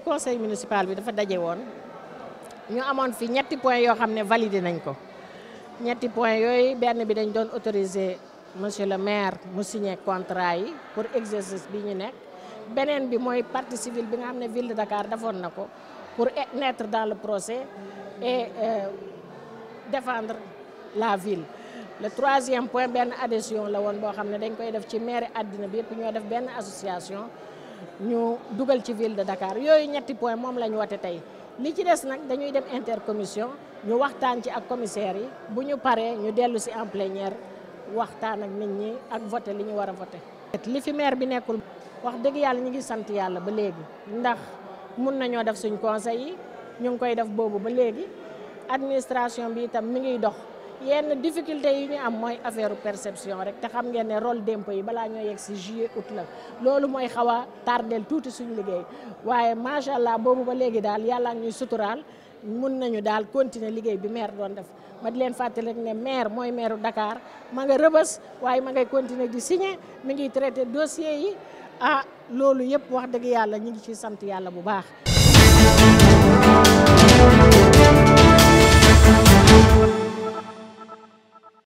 tey conseil municipal bi dafa daje woon ñu amoon fi ñetti point yoo xam validé nañ ko ñetti point yooyu benn bi dañ doon autoriser monsieur le maire mu signer contrat yi pour exercice bi ñu nekk beneen bi moy parti civil bi nga xamné ville de Dakar defoon nako ko pour naître dans le procès et euh, défendre la ville le troisième point benn adhésion la won bo xamné dañ koy def ci maire adina bi yëpp ñoo def benn association ñu dugal ci ville de Dakar yooyu ñetti point moom la ñu wote tey li ci des nag dañuy dem intercommission ñu waxtaan ci ak commissaire yi bu ñu paree ñu dellu si en plénière waxtaan ak nit ñi ak voté li ñu war a voté. li fi maire bi nekkul wax dëgg yàlla ñu ngi sant yàlla ba léegi ndax mun nañoo def suñ conseil yi ñu ngi koy def boobu ba léegi administration bi itam mu ngiy dox. yenn difficulté yi ñu am mooy affaire perception rek te xam ngeen ne rôle d'impôt yi balaa ñoo yegg si juillet août la loolu mooy xaw a tardel tuuti suñu liggéey waaye macha allah boobu ba léegi daal yàlla ñuy suturaal mun nañu daal continuer liggéey bi maire doon def ma di leen fàttali rek ne maire mooy maireu Dakar ma nga rëbës waaye ma ngay continuer di signer mi ngi traité dossier yi ah loolu yëpp wax dëgg yàlla ñu ngi ci sant yàlla bu baax.